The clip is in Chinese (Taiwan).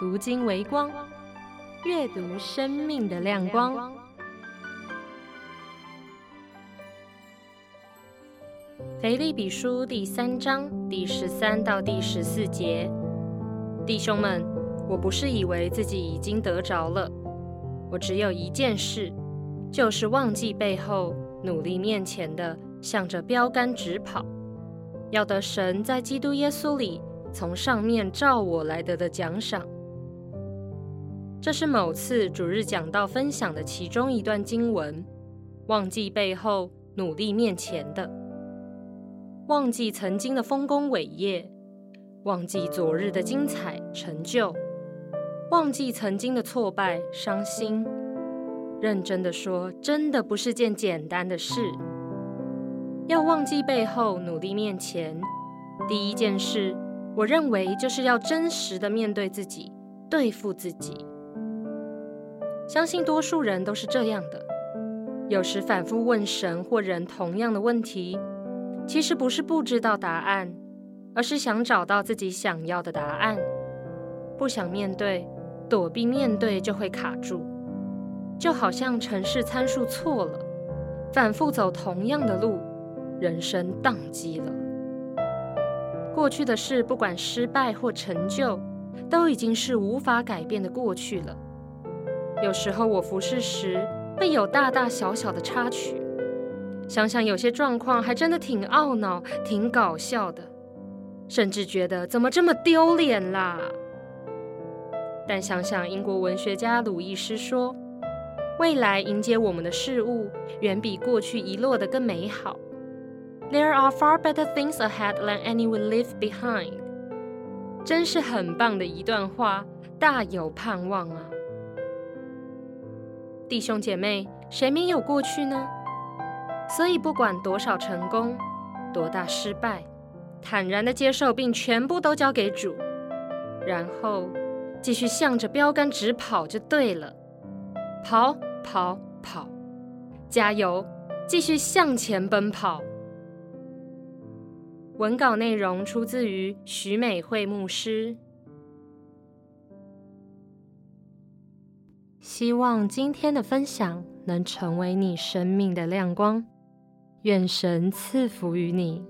讀經為光，閱讀生命的亮光。腓立比書第三章第十三到第十四節，弟兄們，我不是以為自己已經得着了，我只有一件事，就是忘記背後，努力面前的，向着標竿直跑，要得神在基督耶穌裡，從上面召我來得的獎賞。這是某次主日講道分享的其中一段經文，忘記背後，努力面前的。忘記曾經的豐功偉業，忘記昨日的精彩成就，忘記曾經的挫敗傷心。認真的說，真的不是件簡單的事。要忘記背後，努力面前，第一件事，我認為就是要真實的面對自己，對付自己。相信多數人都是這樣的，有時反覆問神或人同樣的問題，其實不是不知道答案，而是想找到自己想要的答案，不想面對，躲避面對就會卡住，就好像程式參數錯了，反覆走同樣的路，人生宕機了。過去的事，不管失敗或成就，都已經是無法改變的過去了。有時候我服侍時會有大大小小的插曲，想想有些狀況還真的挺懊惱、挺搞笑的，甚至覺得怎麼這麼丟臉啦。但想想英國文學家魯伊斯說：“未來迎接我們的事物遠比過去遺落的更美好。” There are far better things ahead than any we leave behind。真是很棒的一段話，大有盼望啊。弟兄姐妹，誰沒有過去呢？所以不管多少成功，多大失敗，坦然的接受，並全部都交給主，然後繼續向着標杆直跑就對了。跑跑跑，加油！繼續向前奔跑。文稿內容出自於許美惠牧師。希望今天的分享能成為你生命的亮光，願神賜福於你。